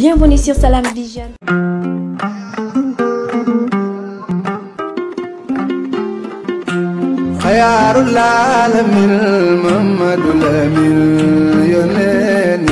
Bienvenue sur Salam Vision. xayaaru laa la mil Mamadou la mil yónnee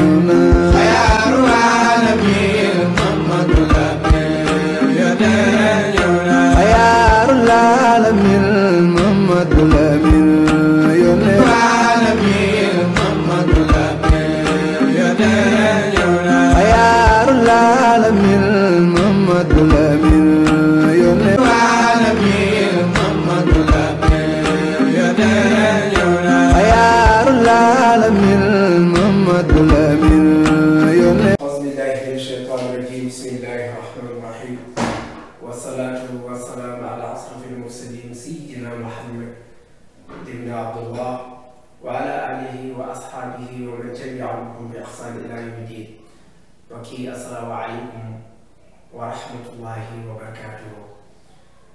wa rahmatullahi wa barakaatuhu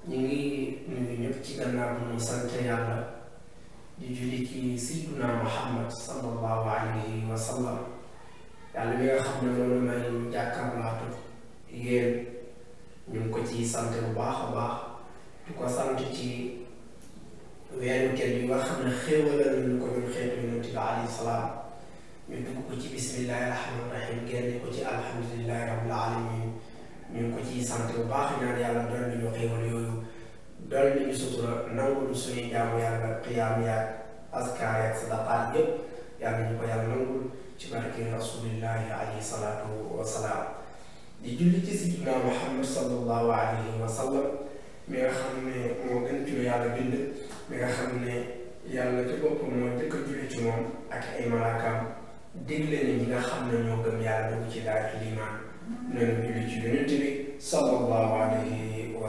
ñu ngi nuyu ñëpp ci gannaaw bu ñu sant yàlla di julli ci sayyiduna Muhammad sallallahu alayhi wa sallam yàlla mi nga xam ne loolu may ñu jàkkaarlaatu yéen ñu ko ci sant bu baax a baax di ko sant ci weeru kenn yi nga xam ne xéewalal nañu ko ñun xeetu yonente bi alayhi salaam ñu dugg ko ci bismillahi rahmani rahim génne ko ci alhamdulillahi rabbil alamin ñu ngi ko ciy sant bu baax ñaan yàlla doon nañu xéewal yooyu doon nañu sutura nangul suñu jaamu yàlla xiyaam yaag askaar yaag sadaqaat yépp yàlla ñu ko yàlla nangul ci barke rasulillahi alayhi salaatu wa salaam di julli ci sidina muhammad sallallahu alayhi wa sallam mi xam ne moo gën ci yàlla bind mi nga xam ne yàlla ci bopp moo jëkk a ci moom ak ay malaakaam digle ne ñi nga xam ne ñoo gëm yàlla dugg ci daal ci limaan ñoom julli ci yonent bi sallallahu alayhi wa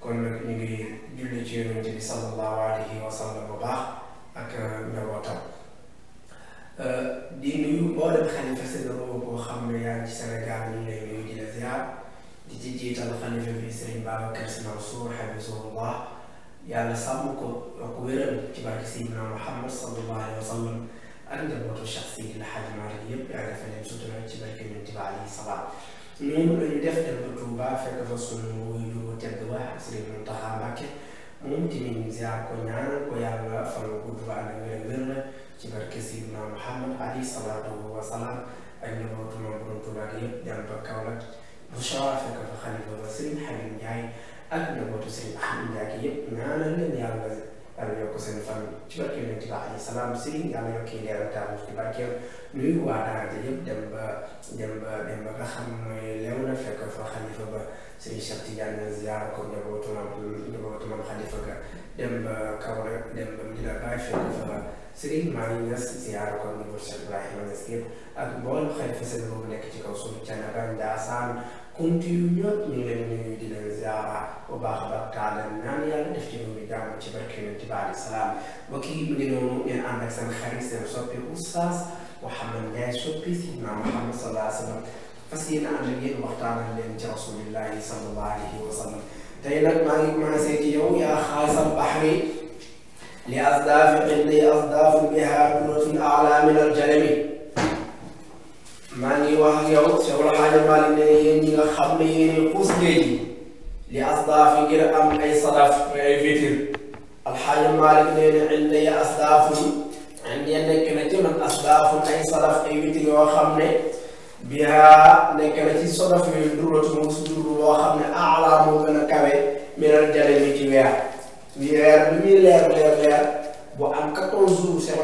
kon nag ñu ngi julli ci yonent bi sallallahu alayhi wa sallam bu baax ak njabootam euh, di nuyu mboolem xalifa sénégalais boo xam ne yaa ngi ci Sénégal ñu ngi lay nuyu di la ziar di ci jiital xalifa bi Serigne Babacar Sy Mansour hafizahullah yàlla sàmm ko ak wéral ci barke Seydina Muhammad sallallahu alayhi wa ak njabootu Cheikh Seydi El Hadji Malick yépp yàlla defal leen sutura ci barke yonent bi alayhi salaam noonu la ñu def dem ba Touba fekk fa sunu wuyu tedd wa Sëriñ Mountakha Mbacké moom tamit ziar ko ñaan ko yàlla fan bu gudd ba ànd wér wér ci barke Seydina Muhammad alayhi salaatu wa salaam ak njabootu moom borom Touba gi yépp ba Kaolack bu Chara fekk ba Sëriñ Habib Ndiaye ak njabootu Sëriñ Habib Ndiaye yépp ñaanal leen yàlla yokk seen fan ci barke yonent bi salaam sëriñ yàlla yokk leeral taamu ci barkeem nuyu waa daara ja yëpp dem ba dem ba dem ba nga xam mooy lew na fekk fa xalifa ba sëriñ Cheikh Tidiane ziar ko njabootumam njabootumam xalifa ga dem ba kaw rek dem ba Medina Baay fekk fa sëriñ maa ngi ñas ziar ko njabootu Cheikh Ibrahima Niass yëpp ak mboolem xalifa seen boobu nekk ci kaw suuf Thiénaba Ndiassane continué ñëpp ñu ngi leen nuyu di leen ziara bu baax a baax taaleen ñaan yàlla def ci ñoom jàmm ci barke yonent bi alayhi salaam mbokk yi mu ngi noonu ngeen ànd ak seen xarit seen soppi oustaz Mouhamed Ndiaye soppi sidna Mouhamed sallallahu alayhi wa sallam fas yéene ànd ak yéen waxtaanal leen ci rasulillahi sallallahu alayhi wa sallam tey nag maa ngi commencé ci yow yaa xaalisal baxri li asdaafi qindi asdaafu biha kunatun aala min aljalami maa ngi wax ak yow Seexul Xaaji Maalik ne yéen ñi nga xam ne yéen xuus ngeen li asdaaf yi am ay sadaf ay vitir alxaaji Maalik nee na indi ya asdaafun indi ya nekk man asdaafun ay sadaf ay vitir yoo xam ne bihaa nekk na ci sadaf yooyu duratu mu su duru loo xam ne aalaa moo gën a kawe minal jale mi ci weer weer bi muy leer leer leer bu am 14 jours Seexul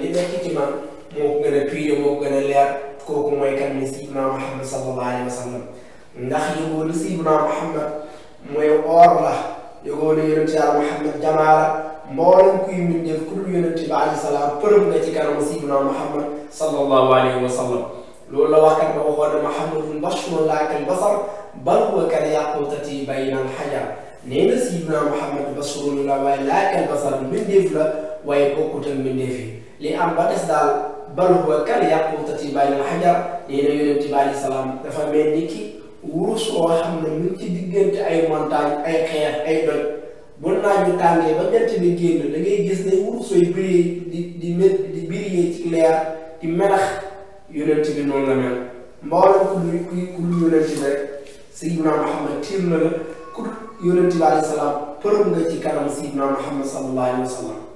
li nekk ci man nekkat ni sayyidina Muhammad sallallahu alayhi wa sallam ndax yëgoonu sayyidina Muhammad mooy oor la yëgoonu yonent yàlla Muhammad jamaa la mboolem kuy mbindeef ku dul yonent bi alayhi salaam përëb nga ci kanamu sayyidina Muhammad sallallahu alayhi wa sallam loolu la waxkat ba waxoon ne Muhammadun basharun laa kal-basar bal huwa kal-yaaqutati bayna al-hajar nee na sayyidina Muhammad basharun la waaye laa kal-basar mbindeef la waaye bokkut ak mbindeef yi li am ba des daal bal huwa kal yaqutati baynal hajar nee na yonent bi salaam dafa mel di ki wurus woo xam ne mu ngi ci diggante ay montagne ay xeer ay doj bu naaj wi tàngee ba jant bi génn da ngay gis ne wurus yooyu biree di di di biree ci leer di melax yonent bi noonu la mel mboolem ku dul ku dul yonent bi rek Sayyidina Muhammad tiir na la ku dul yonent bi alayhi salaam përëm nga ci kanam Sayyidina Muhammad sallallahu alayhi wa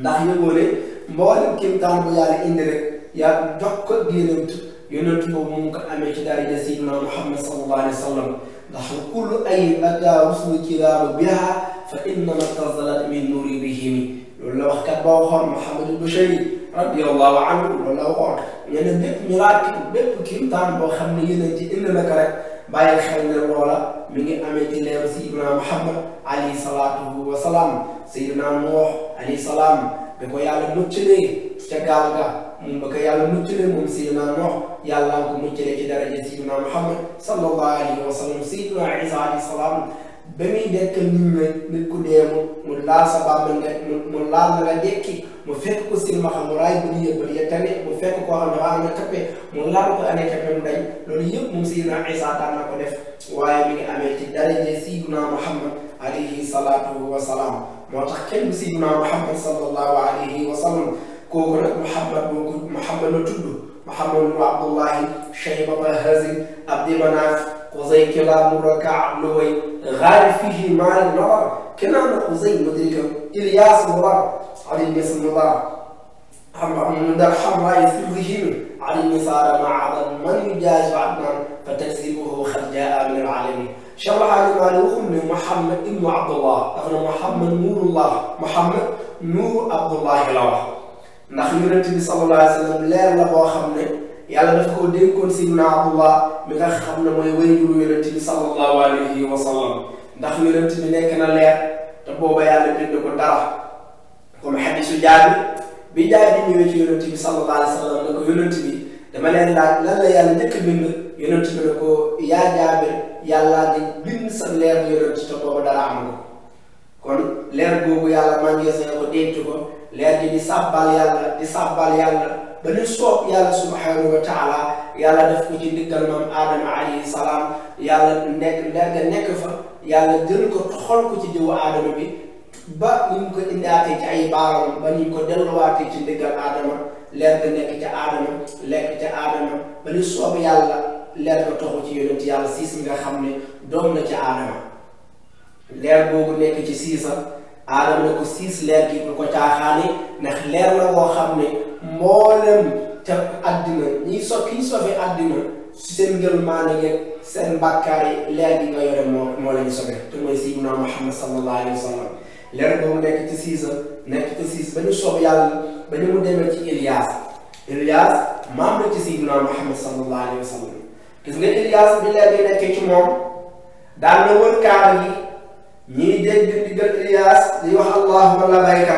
ndax yëgoo ne mboolem kéemtaan bu yàlla indi rek yaa jox ko yonent yonent boobu mu ngi ko amee ci daraja Seydina Muhammad sallallahu alayhi wa sallam ndax kullu ayyin ataa rusulu kiraamu biha fa innama tazalat min nuuri bihimi loolu la wax kat ba waxoon Muhammad al-Bashari radiyallahu anhu loolu la waxoon ñu ne bépp miracle bépp kéemtaan boo xam ne yonent ci indi na ko rek bàyyi xel ne mi ngi amee ci leeru Seydina Muhammad alayhi salaatu wa Nuux alayhi salaam bi ko yàlla muccalee ca gaal ga moom ba ko yàlla muccalee moom Seydina Nuux yàlla ko muccalee daraja Seydina Muhammad sallallahu alayhi wa sallam Seydina Isa alayhi salaam ba muy dekk nit ña ku dee mu mu laal sa bàmmeel nga mu laal la dekki mu fekk ko mu raay bu ñu yëbbal tane mu fekk koo xam ne mu laal ko anee kappe mu dañ loolu yëpp moom Seydina Isa daan ko def waaye mi amee ci daraja Seydina Muhammad alayhi salaatu wa salaam moo tax kenn Seydina Muhammad sallallahu alayhi wa sallam kooku nag Muhammad moo ko Muhammad la tudd Muhammad ibn Abdullahi Shayba Haazim Abdi Manaaf Xuzay Kilaab Raka' Luway Gaalib fiihi Maalik Nadar Kinaana Xuzay Mudrika Ilyaas Mudar Ali Niass Mudar Hamra Hamra Sirrihim Ali Nisaara Maada man yujaaji Adnaan Cheikh El Hadji Malick waxul ne Mouhamed ibnu Abdullah ne Mouhamed Nuurullah ndax yonent bi sallallahu alayhi wa xam ne yàlla dafa koo dénkoon Seydina Abdullah mi nga xam ne mooy wayjuru yonent bi sallallahu alayhi wa ndax yonent bi nekk na leer te booba yàlla bind ko dara comme xadisu Jaabir bi Jaabir ñëwee ci bi sallallahu alayhi wa sallam ko yonent bi dama leen laaj lan la yàlla njëkk bind yonent bi ne ko yaa Jaabir yàllaa ngi bind sa leer yonent te boobu dara amul kon leer yàlla màngees na ko denc ko leer gi di sàbbal yàlla di sàbbal yàlla ba ni soob yàlla subhanahu wa taala yàlla def ko nekk fa yàlla jël ko toxal ko ci jëwu aadama bi ba ni mu ko indaatee ci ay baaram ba ni ñu ko delluwaatee ci ndigal aadama leer nga nekk ca aadama lekk ca aadama ba ni soob yàlla leer ga toxu ci yonent yàlla siis nga xam ne doom na ci aadama leer boobu nekk ci siisa aadama ne ko siis leer gi bu ko caaxaane ndax leer la woo xam ne mboolem te àddina ñiy so ki sofe àddina su seen ngël maana yeeg seen bàkkaar yi ci siis ba ñu mu demee ci wa sallam gis nga Ilias bi leer bi nekk ci moom daal na wër kaaba gi ñiy dégg diggal Ilias di wax allahuma labayka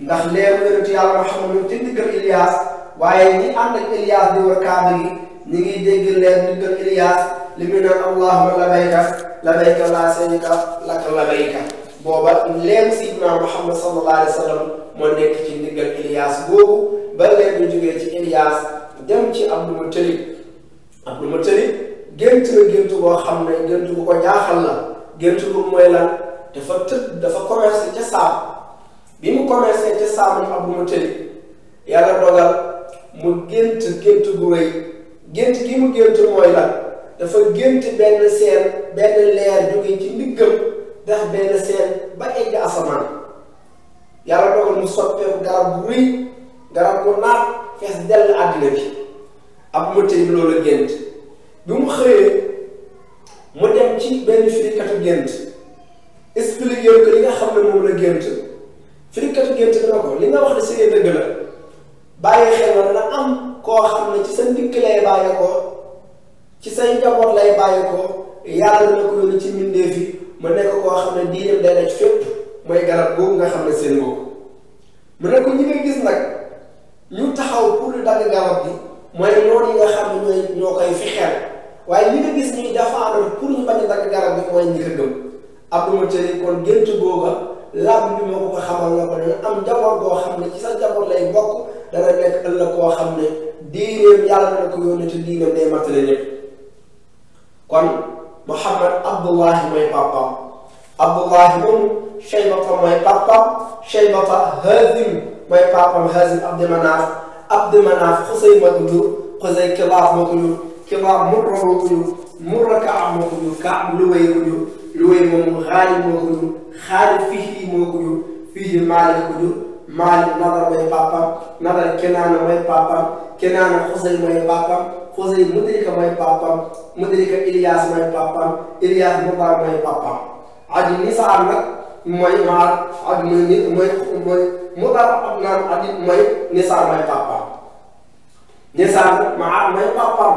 ndax leer yonentu yàlla Muhammad ci diggal Ilias waaye ñi ànd ak Ilias di wër kaaba gi ñi ngi dégg leer diggal Ilias li mu naan allahuma labayka labayka laa sharika laka labayka booba leer sidna Muhammad sallallahu alayhi wa sallam moo nekk ci diggal Ilias boobu ba leer ñu jógee ci Ilias dem ci Abdul Mutalib ak lu ma tëri gént gént boo xam ne gént ko jaaxal la gént bu mooy la dafa tëdd dafa commercé ca saam bi mu commercé ca saam ak lu ma tëri yàlla dogal mu gént gént bu rëy gént gi mu gént mooy lan dafa gént benn seen benn leer jóge ci ndiggam ndax benn seen ba egg asamaan yàlla dogal mu soppeeku garab bu garab bu naat fees dell àddina bi ab mottali loolu la gént bi mu xëyee mu dem ci benn firikatu gént expliqué ko li nga xam ne moom la gént firikatu gént dana ko li nga wax ne seen dëgg la bàyyi xel na dana am koo xam ne ci sa ndikk lay bàyyi ko ci say njaboot lay bàyyi ko yàlla na ko ci mbindeef yi mu nekk koo xam ne diineem day daj fépp mooy garab googu nga xam ne seen boobu mu ne ko nga gis nag. ne am njaboot boo xam ne ci sa njaboot lay bokk dana nekk ëllëg koo xam ne diineem yàlla na ko yónnee te diineem day matale ñëpp kon Muhammad Abdullahi mooy papaam Abdullahi moomu Shaybata mooy papaam Shaybata Haazim mooy papaam Haazim Abdu Manaaf Abdu Manaaf Xusay ma ko jur Xusay Kilaab ma ko jur Kilaab Murra ma ko jur Murra Kaab ma ko jur Kaab Luway ma ko jur Luway moomu Xaalid ma ko jur Xaalid Fihri ma ko jur fii ji Maalik ko jur Maalik Nadar mooy papaam Nadar Kenaana mooy papaam Kenaana Xusay mooy papaam Xusay Mudrika mooy papaam Mudrika Iliyaas mooy papaam Iliyaas Mudar mooy papaam Adi Nisaar nag mooy maar Adi mooy nit mooy mooy Mudar ak naan Adi mooy Nisaar mooy papaam Nisaar maar mooy papaam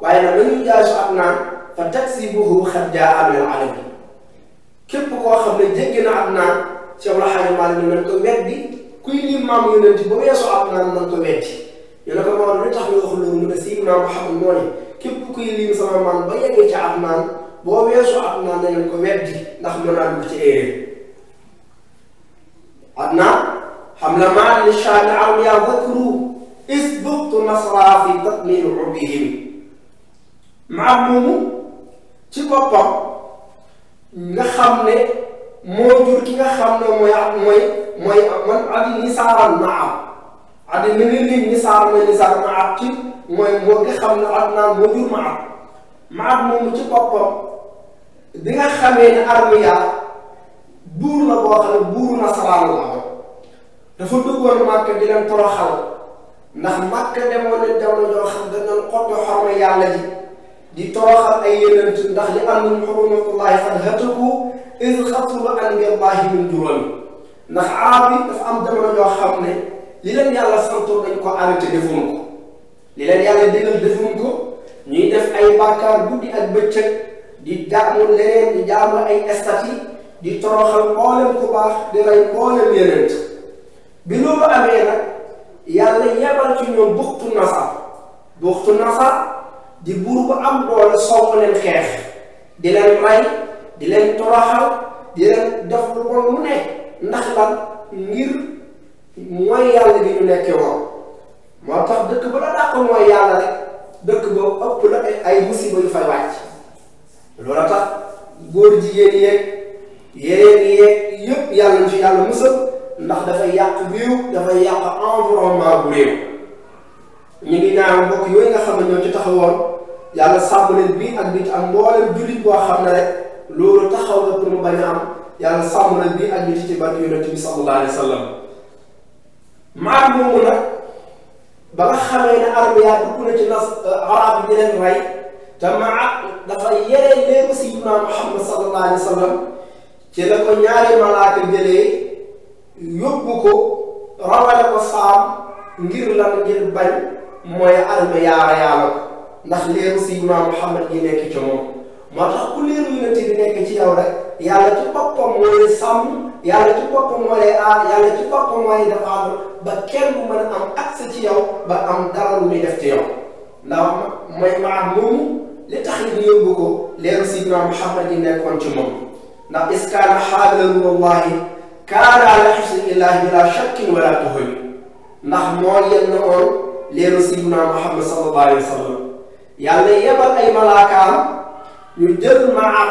waaye nag lañuy jaay ak naan fa taksibuhu xad jaa min al-alamin képp koo xam ne jéggi na ak naan Cheikh Alhaji Malick ne nañ ko weddi kuy lii maam yonent ba weesu ab naan nañ ko weddi ñu ne ko maam lu tax ñu wax loolu mu ne si maam Muhammad moo ne képp kuy lim sama maam ba yeggee ca ab naan boo weesu ab naan nañ ko weddi ndax mën naa dugg ci erreur adnaan xam la maa li shaani awliyaa dhakru isbaqtu nasraa fi batni ubihim maam moomu ci boppam nga xam ne moo jur ki nga xam ne mooy mooy mooy man adi nisaaran maa adi mi ngi lim nisaar mooy nisaar maa ci mooy moo nga xam ne at naan moo jur maa maa moomu ci boppam bi nga xamee ne armiya buur la boo xam ne buuru nasaraan la dafa duggoon màkk di leen toroxal ndax màkk demoon na jamono joo xam dañ doon xotti xorma yàlla ji di toroxal ay yonent ndax li am nañ xurumaatullahi fan hataku is xasulu an ngellaahi min juróomi ndax arab yi dafa am jamono ñoo xam ne li leen yàlla santoon dañ ko arrêté defuñ ko li leen yàlla digal defuñ ko ñuy def ay bàkkaar guddi ak bëccëg di jaamu leneen di jaamu ay estati di toroxal mboolem ku baax di rey mboolem yeneen bi loolu amee nag yàlla yebal ci ñoom buxtu nasar buxtu nasar di buur bu am doole song leen xeex di leen rey di leen toroxal di leen def lu bon mu ne ndax lan ngir mooy yàlla gi ñu nekkee woon moo tax dëkk ba la dàq mooy yàlla rek dëkk ba ëpp la ay musiba yu fay wàcc loola tax góor jigéen yeeg yeneen yëpp yàlla ñu ci yàlla musal ndax dafay yàq réew dafay yàq environnement bu réew ñu ngi ñaan mbokk yooyu nga xam ne ñoo ci taxawoon yàlla sàmm leen bii ak am ak mboolem jullit boo xam na rek loolu taxaw na pour mu bañ a am na bii ak ñu ci ci barke yonent bi sallallahu alayhi wa sallam maam moomu nag ba nga xamee ne arméya dugg na ci nas euh, arab yi leen rey te maa dafa yere léegi Sayyidina Muhammad sallallahu alayhi wa sallam ci la ko ñaari malaaka jëlee yóbbu ko rawale ko saam ngir lan ngir bañ mooy arméya yaala ko ndax léegi Sayyidina Muhammad gi nekk ci moom. moo tax ku liiru yonent bi nekk ci yow rek yàlla ci boppam moo lay sàmm yàlla ci boppam moo lay aar yàlla ba kenn bu mën a am accès ci yow ba am dara lu muy def ci yow ndax mooy maam li tax ñu yóbbu ko leeru sidna Muhammad yi nekkoon ci moom ndax is kaana xaadaru wallahi kaana ala xifsi illahi bila shakkin wala tuhul ndax moo yenn oon leeru sidna Muhammad sallallahu alayhi wa sallam yàlla yebal ay malaakaam ñu jël Maab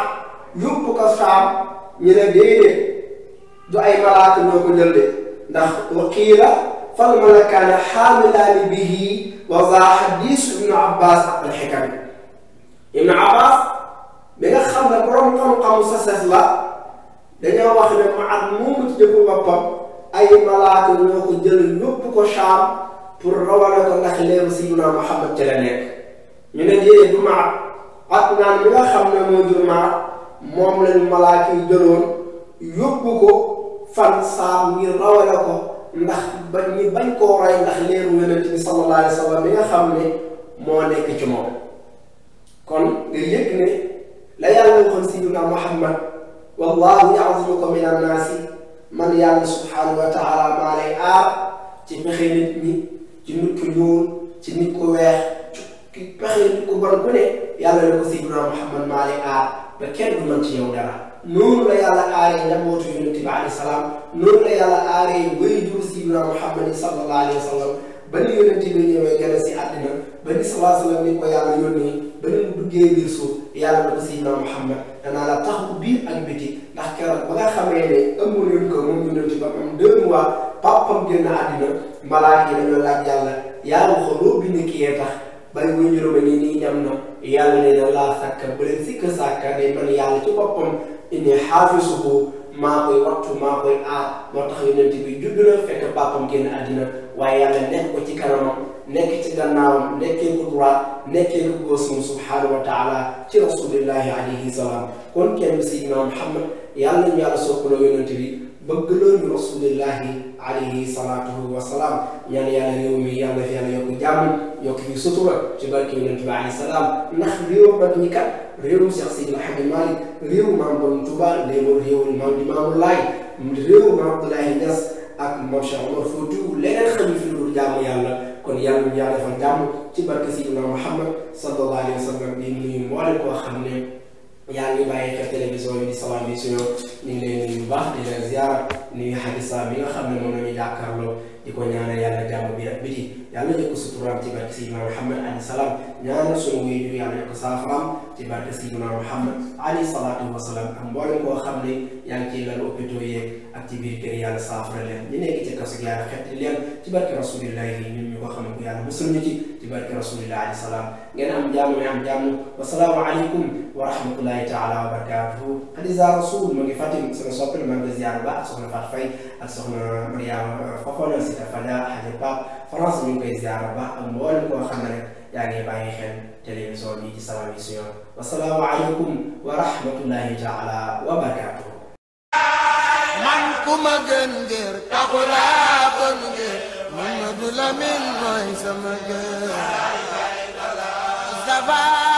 yóbbu ko Saam ñu ne déedéet du ay malaaka ñoo ko jël de ndax wa qiila fal malakaani xaamilaani bihi wa zaa xadiisu ibnu Abbas alxikam ibnu Abbas bi nga xam ne borom xam-xamu sases la dañoo wax ne Maab moomu ci jëfu boppam ay malaaka ñoo ko jël yóbbu ko Saam pour rawale ko ndax leeru Sayyidina Muhammad ci la nekk ñu ne déedéet du Maab ak naan bi nga xam ne moo jur maar moom lañu malaaka jëloon yóbbu ko fan saam ngir rawale ko ndax ba ñi bañ koo rey ndax leeru yonent bi wa sallam bi nga xam ne moo nekk ci kon nga yëg ne la yàlla waxoon sayyidina Muhammad wallahu ya'zimuka min annaasi man yàlla subhanahu wa maa lay aar ci pexe nit ñi ci nit ku ci nit ku weex ci pexe nit ku bon ku ne yàlla na ko Seydina Muhammad maa lay aar ba kenn du mën ci yow dara noonu la yàlla aaree njabootu yàlla aaree waajur Seydina Muhammad sallallahu alayhi wa sallam ba ni a si àddina ba ni salaa sallam ni ko mu duggee yàlla na ko la taxaw biir ak ndax keroog ba nga xamee ne ëmb nañ ko moom yi dañoo laaj a nii nii ñam yàlla ne dama laa sàkka ba leen sikka ne man yàlla ci boppam inni xaafisuhu maa koy wattu maa koy aar moo tax yonent bi judd na fekk papam génn àddina waaye yàlla nekk ko ci kanamam nekk ci gannaawam nekkee ko droit nekkee ko góosum subhaanahu wa taala ci rasulillahi alayhi salaam kon kenn si Seydina Muhammad yàlla ñu yàlla soppaloo yonent bi bëgg loolu rasulillahi i salaatu wa salaam ñaan yàlla réew mi yàlla fi yàlla yokk jàmm yokk fi sutura ci barke yonent bi alayhi salaam ndax réew ba ñi kat réewum Cheikh Sidi Mahamad Malick réew maam Borom Touba léegoo réewul maam Limaamu Laay réew maam Abdoulaye ak maam fi lu jaamu yàlla kon yàlla ñu yàlla defal jàmm ci barke Sidina Muhammad sallallahu alayhi wa sallam bi nuyu mboolem koo xam ne yaa ngi bàyyi xel télévision yi di Salam Vision ñu ngi lay nuyu bu baax di la ziar nuyu Hadisa bi nga xam ne moom la ñu jàkkaarloo di ko ñaanal yàlla jàmm bi ak biti yàlla yokk suturaam ci barke Seydina Muhammad alayhi salaam ñaanal sunu wéy ju yàlla yokk saafaraam ci barke Seydina Muhammad alayhi salaatu wa salaam ak mboolem koo xam ne yaa ngi ciy lal hôpitaux yeeg ak ci biir kër yàlla saafara leen ñu nekk ci kaso yàlla xet leen ci barke rasulillahi boo xam ne bu yàlla rasulillah alayhi salaam ngeen am jàmm mi am jàmm wasalaamualeykum wa rahmatullahi taala wa barakatuhu Khadija ma ngi fàttali sama soppal maa ngi ba ak soxna Fatou Faye ak soxna Mariama ba ak mboolem koo xam ne rek yaa ngi bàyyi xel télévision bi ci sama émission wasalaamualeykum taala wa Moodu Lamin mooy sama gër